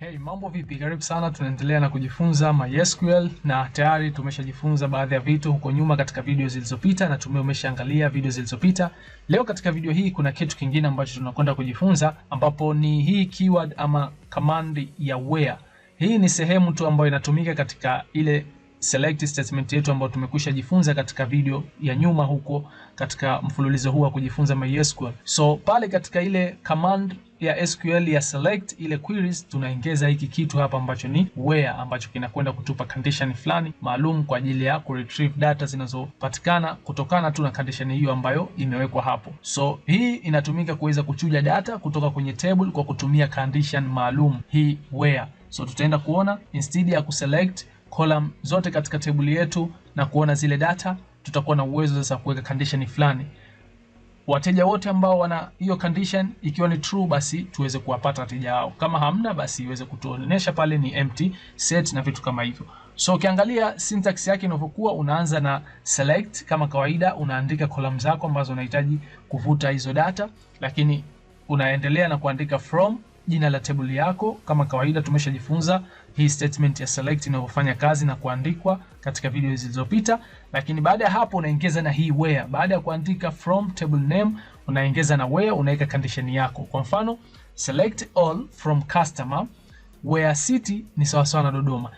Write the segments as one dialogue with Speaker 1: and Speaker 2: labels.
Speaker 1: Hey, mambo vipi? Karibu sana, tunaendelea na kujifunza MySQL na tayari tumeshajifunza baadhi ya vitu huko nyuma katika video zilizopita, na tume umeshaangalia video zilizopita. Leo katika video hii kuna kitu kingine ambacho tunakwenda kujifunza, ambapo ni hii keyword ama command ya where. Hii ni sehemu tu ambayo inatumika katika ile select statement yetu ambayo tumekwisha jifunza katika video ya nyuma huko katika mfululizo huu wa kujifunza MySQL. So pale katika ile command ya SQL ya select ile queries tunaongeza hiki kitu hapa ambacho ni where ambacho kinakwenda kutupa condition fulani maalum kwa ajili ya ku retrieve data zinazopatikana kutokana tu na condition hiyo ambayo imewekwa hapo. So hii inatumika kuweza kuchuja data kutoka kwenye table kwa kutumia condition maalum hii where. So tutaenda kuona instead ya kuselect column zote katika table yetu na kuona zile data, tutakuwa na uwezo sasa kuweka condition fulani. Wateja wote ambao wana hiyo condition ikiwa ni true, basi tuweze kuwapata wateja hao. Kama hamna, basi iweze kutuonesha pale ni empty set na vitu kama hivyo. So ukiangalia syntax yake inavyokuwa, unaanza na select kama kawaida, unaandika column zako ambazo unahitaji kuvuta hizo data, lakini unaendelea na kuandika from jina la table yako. Kama kawaida, tumeshajifunza hii statement ya select inavyofanya kazi na kuandikwa katika video zilizopita, lakini baada ya hapo unaongeza na hii where. Baada ya kuandika from table name, unaongeza na where, unaweka condition yako. Kwa mfano, select all from customer where city ni sawasawa na Dodoma.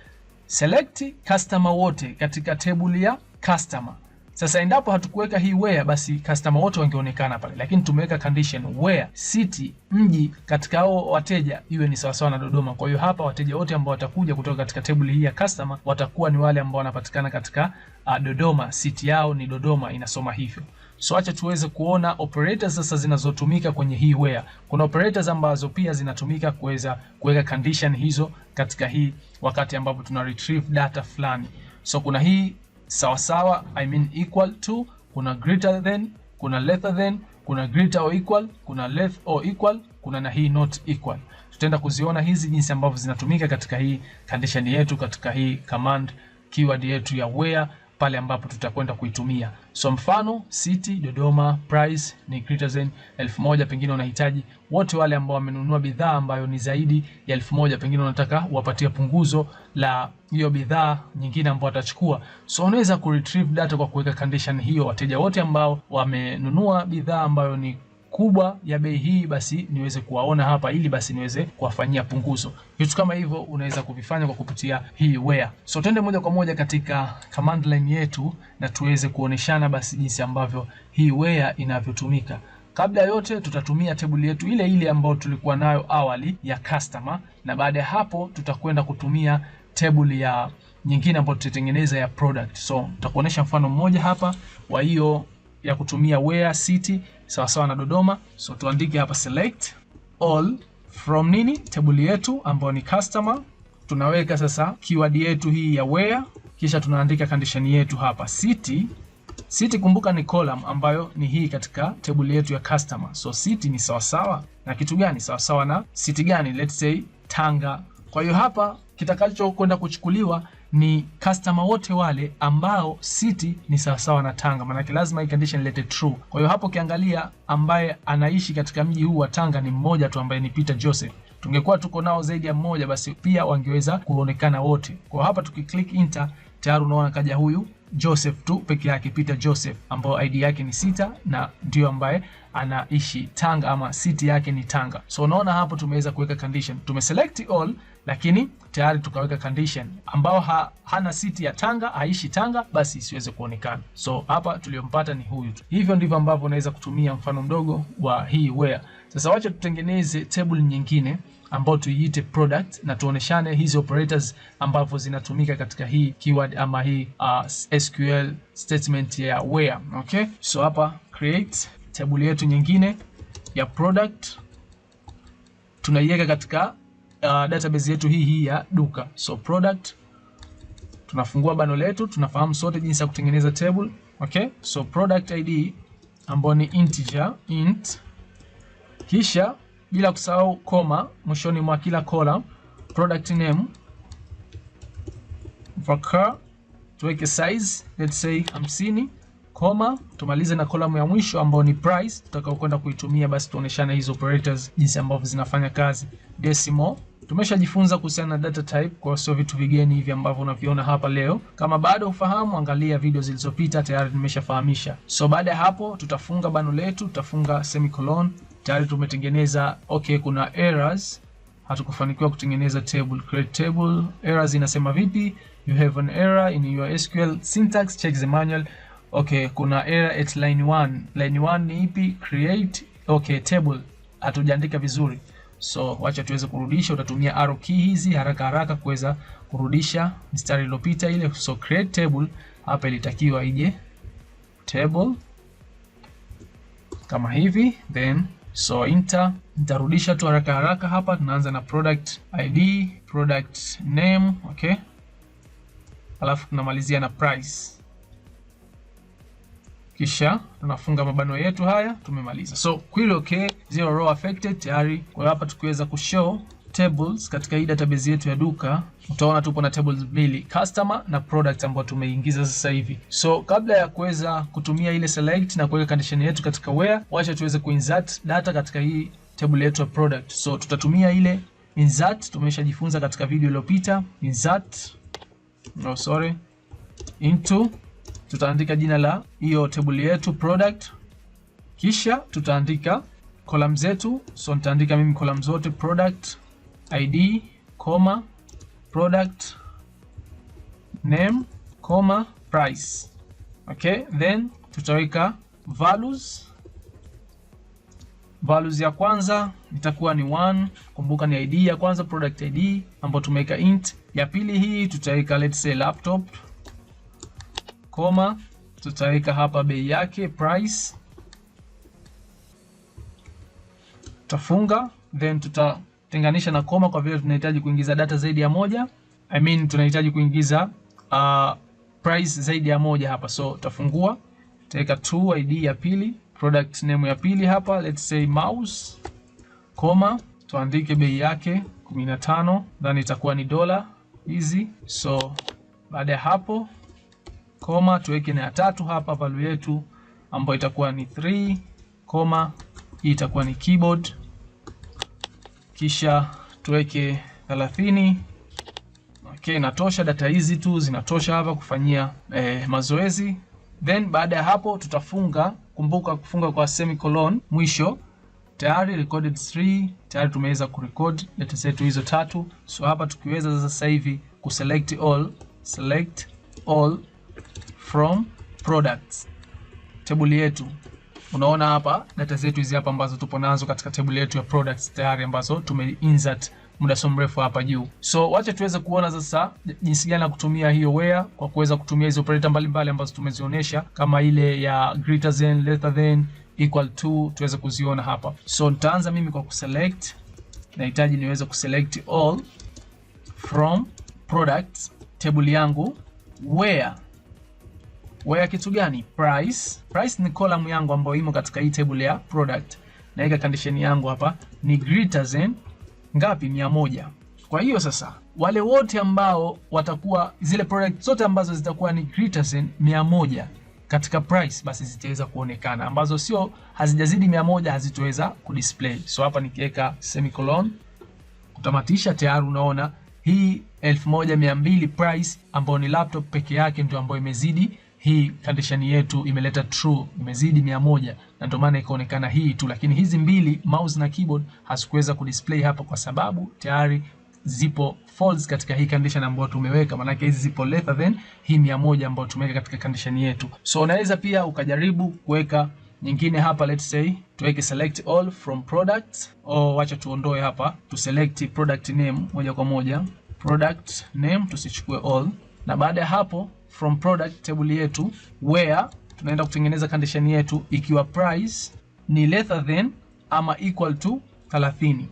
Speaker 1: Select customer wote katika table ya customer sasa endapo hatukuweka hii where, basi customer wote wangeonekana pale, lakini tumeweka condition where city, mji katika hao wateja iwe ni sawasawa na Dodoma. Kwa hiyo hapa wateja wote ambao watakuja kutoka katika table hii ya customer watakuwa ni wale ambao wanapatikana katika uh, Dodoma city yao ni Dodoma, inasoma hivyo. So acha tuweze kuona operators sasa zinazotumika kwenye hii where. Kuna operators ambazo pia zinatumika kuweza kuweka condition hizo katika hii wakati ambapo tuna retrieve data fulani. So kuna hii sawasawa, I mean equal to, kuna greater than, kuna lesser than, kuna greater or equal, kuna less or equal, kuna na hii not equal. Tutaenda kuziona hizi jinsi ambavyo zinatumika katika hii condition yetu, katika hii command keyword yetu ya where pale ambapo tutakwenda kuitumia. So mfano City, Dodoma, price ni Citizen 1000, pengine unahitaji wote wale ambao wamenunua bidhaa ambayo ni zaidi ya 1000, pengine unataka wapatie punguzo la hiyo bidhaa nyingine ambayo watachukua. So unaweza kuretrieve data kwa kuweka condition hiyo, wateja wote ambao wamenunua bidhaa ambayo ni kubwa ya bei hii basi niweze kuwaona hapa ili basi niweze kuwafanyia punguzo. Vitu kama hivyo unaweza kuvifanya kwa kupitia hii where. So twende moja kwa moja katika command line yetu na tuweze kuoneshana basi jinsi ambavyo hii where inavyotumika. Kabla yote tutatumia table yetu ile ile ambayo tulikuwa nayo awali ya customer, na baada ya hapo tutakwenda kutumia table ya nyingine ambayo tutatengeneza ya product. So nitakuonesha mfano mmoja hapa wa hiyo ya kutumia where city sawasawa na Dodoma. So tuandike hapa select all from nini, table yetu ambayo ni customer. Tunaweka sasa keyword yetu hii ya where, kisha tunaandika condition yetu hapa city. City kumbuka ni column ambayo ni hii katika table yetu ya customer. So city ni sawasawa na kitu gani? Sawasawa na city gani? Let's say Tanga. Kwa hiyo hapa kitakacho kwenda kuchukuliwa ni customer wote wale ambao city ni sawasawa na Tanga, maanake lazima hii condition ilete true. Kwa hiyo hapo ukiangalia ambaye anaishi katika mji huu wa Tanga ni mmoja tu ambaye ni Peter Joseph. Tungekuwa tuko nao zaidi ya mmoja, basi pia wangeweza kuonekana wote. Kwa hapa tukiclick enter, tayari unaona kaja huyu Joseph tu peke yake, Peter Joseph ambayo ID yake ni sita na ndio ambaye anaishi Tanga ama city yake ni Tanga. So unaona hapo tumeweza kuweka condition, tumeselect all lakini tayari tukaweka condition ambao ha, hana siti ya Tanga, haishi Tanga, basi isiweze kuonekana. So hapa tuliyompata ni huyu tu. Hivyo ndivyo ambavyo unaweza kutumia mfano mdogo wa hii where. Sasa wacha tutengeneze table nyingine ambao tuiite product na tuoneshane hizi operators ambavyo zinatumika katika hii keyword ama hii uh, SQL statement ya where. Okay, so hapa create table yetu nyingine ya product tunaiweka katika uh, database yetu hii hii ya duka. So product tunafungua bano letu, tunafahamu sote jinsi ya kutengeneza table. Okay? So product ID ambayo ni integer int, kisha bila kusahau koma mwishoni mwa kila column, product name vaka tuweke size let's say 50 koma. tumalize na kolamu ya mwisho ambayo ni price tutakao kwenda kuitumia, basi tuoneshane hizo operators jinsi ambavyo zinafanya kazi. Decimal Tumeshajifunza kuhusiana na data type, kwa sio vitu vigeni hivi ambavyo unaviona hapa leo. Kama bado ufahamu, angalia video zilizopita, tayari nimeshafahamisha. So baada ya hapo, tutafunga bano letu, tutafunga semicolon. Tayari tumetengeneza okay. Kuna errors, hatukufanikiwa kutengeneza table. Create table errors inasema vipi? You have an error in your SQL syntax, check the manual. Okay, kuna error at line 1. Line 1 ni ipi? Create okay table. Hatujaandika vizuri. So wacha tuweze kurudisha, utatumia arrow key hizi haraka haraka kuweza kurudisha mstari uliopita ile. So create table hapa ilitakiwa ije table kama hivi, then so enter. Nitarudisha tu haraka haraka hapa. Tunaanza na product ID, product name, okay, alafu tunamalizia na price kisha tunafunga mabano yetu haya, tumemaliza. So query okay, zero row affected tayari. Kwa hapa tukiweza kushow tables katika hii database yetu ya duka utaona tupo na tables mbili customer na product ambayo tumeingiza sasa hivi. So kabla ya kuweza kutumia ile select na kuweka condition yetu katika where, wacha tuweze kuinsert data katika hii table yetu ya product. So tutatumia ile insert tumeshajifunza katika video iliyopita, insert no sorry into tutaandika jina la hiyo table yetu product, kisha tutaandika column zetu. So nitaandika mimi column zote product id, comma product name, comma price. Okay, then tutaweka values. Values ya kwanza itakuwa ni 1, kumbuka ni id ya kwanza product id ambayo tumeweka int. Ya pili hii tutaweka let's say laptop koma, tutaweka hapa bei yake price, tutafunga then tutatenganisha na koma kwa vile tunahitaji kuingiza data zaidi ya moja. I mean tunahitaji kuingiza uh, price zaidi ya moja hapa, so tutafungua, tutaweka tu id ya pili, product name ya pili hapa, let's say mouse, koma, tuandike bei yake 15 then itakuwa ni dola hizi. So baada ya hapo koma, tuweke na ya tatu hapa value yetu ambayo itakuwa ni 3 koma, hii itakuwa ni keyboard, kisha tuweke 30. Okay, inatosha. Data hizi tu zinatosha hapa kufanyia eh, mazoezi then baada ya hapo tutafunga. Kumbuka kufunga kwa semicolon mwisho. Tayari recorded 3 tayari tumeweza kurecord data zetu hizo tatu, so hapa tukiweza sasa hivi kuselect all, select all from products. Table yetu unaona hapa data zetu hizi hapa ambazo tupo nazo katika table yetu ya products tayari ambazo tumeinsert muda so mrefu hapa juu. So wacha tuweze kuona sasa jinsi gani ya kutumia hiyo where kwa kuweza kutumia hizo operator mbalimbali ambazo tumezionyesha kama ile ya greater than, lesser than, equal to tuweze kuziona hapa. So nitaanza mimi kwa kuselect, nahitaji niweze kuselect all from products table yangu where where kitu gani? Price. Price ni column yangu ambayo imo katika hii table ya product. Naweka condition yangu hapa ni greater than ngapi? 100. Kwa hiyo sasa wale wote ambao watakuwa zile product zote ambazo zitakuwa ni greater than 100 katika price basi zitaweza kuonekana, ambazo sio hazijazidi 100 hazitoweza kudisplay. So hapa nikiweka semicolon kutamatisha, tayari unaona hii 1200 price ambayo ni laptop peke yake ndio ambayo imezidi hii condition yetu imeleta true, imezidi mia moja na ndio maana ikaonekana hii tu, lakini hizi mbili mouse na keyboard hasikuweza kudisplay hapa kwa sababu tayari zipo false katika hii condition ambayo tumeweka, maanake hizi zipo lesser than hii mia moja ambayo tumeweka katika condition yetu. So unaweza pia ukajaribu kuweka nyingine hapa, let's say tuweke select all from products, au wacha tuondoe hapa, tu select product name moja kwa moja, product name tusichukue all, na baada ya hapo from product table yetu where tunaenda kutengeneza condition yetu ikiwa price ni lesser than ama equal to 30.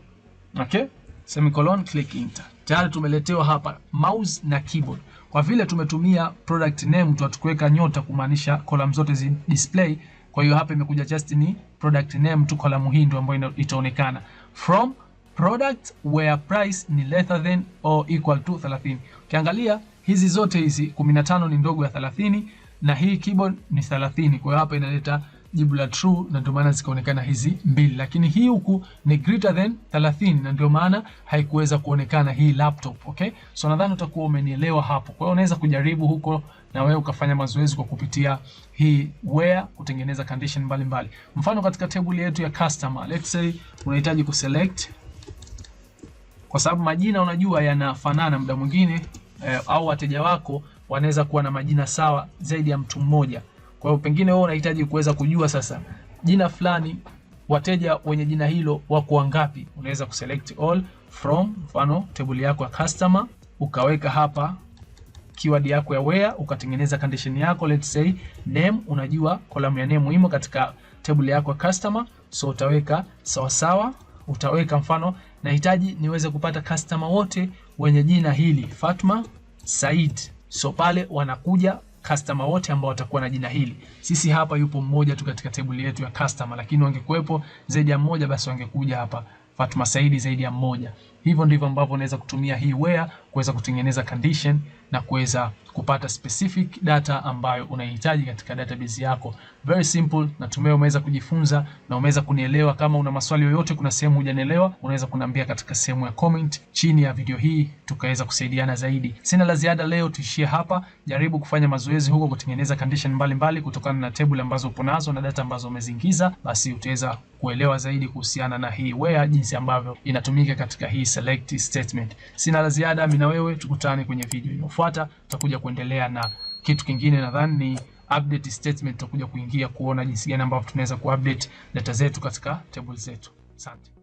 Speaker 1: Okay? Semicolon, click enter. Tayari tumeletewa hapa mouse na keyboard. Kwa vile tumetumia product name tu hatukuweka nyota kumaanisha column zote zi display, kwa hiyo hapa imekuja just ni product name tu, column hii ndio ambayo itaonekana from product where price ni lesser than or equal to 30. Ukiangalia hizi zote hizi 15 ni ndogo ya 30 na hii keyboard ni 30. Kwa hiyo hapa inaleta jibu la true na ndio maana zikaonekana hizi mbili, lakini hii huku ni greater than 30 na ndio maana haikuweza kuonekana hii laptop. Okay, so nadhani utakuwa umenielewa hapo. Kwa hiyo unaweza kujaribu huko na wewe ukafanya mazoezi kwa kupitia hii where kutengeneza condition mbalimbali mbali. Mfano katika table yetu ya customer, let's say unahitaji kuselect, kwa sababu majina unajua yanafanana muda mwingine eh, au wateja wako wanaweza kuwa na majina sawa zaidi ya mtu mmoja. Kwa hiyo pengine wewe unahitaji kuweza kujua sasa jina fulani wateja wenye jina hilo wako wangapi. Unaweza kuselect all from, mfano table yako ya customer ukaweka hapa keyword yako ya where, ukatengeneza condition yako, let's say name. Unajua column ya name muhimu katika table yako ya customer, so utaweka sawasawa, utaweka mfano nahitaji niweze kupata customer wote wenye jina hili Fatma Said. So pale wanakuja customer wote ambao watakuwa na jina hili. Sisi hapa yupo mmoja tu katika tebuli yetu ya customer, lakini wangekuwepo zaidi ya mmoja, basi wangekuja hapa Fatma Saidi zaidi ya mmoja. Hivyo ndivyo ambavyo unaweza kutumia hii where kuweza kutengeneza condition na kuweza kupata specific data ambayo unahitaji katika database yako. Very simple, natumai umeweza kujifunza na umeweza kunielewa. Kama una maswali yoyote, kuna sehemu hujanielewa, unaweza kuniambia katika sehemu ya comment chini ya video hii, tukaweza kusaidiana zaidi. Sina la ziada leo, tuishie hapa. Jaribu kufanya mazoezi huko kutengeneza condition mbalimbali kutokana na table ambazo upo nazo na data ambazo umezingiza, basi utaweza kuelewa zaidi kuhusiana na hii where, jinsi ambavyo inatumika katika hii select statement. Sina la ziada, mimi na wewe tukutane kwenye video inayofuata tutakuja kuendelea na kitu kingine. Nadhani ni update statement tutakuja kuingia kuona jinsi gani ambavyo tunaweza kuupdate data zetu katika table zetu. Asante.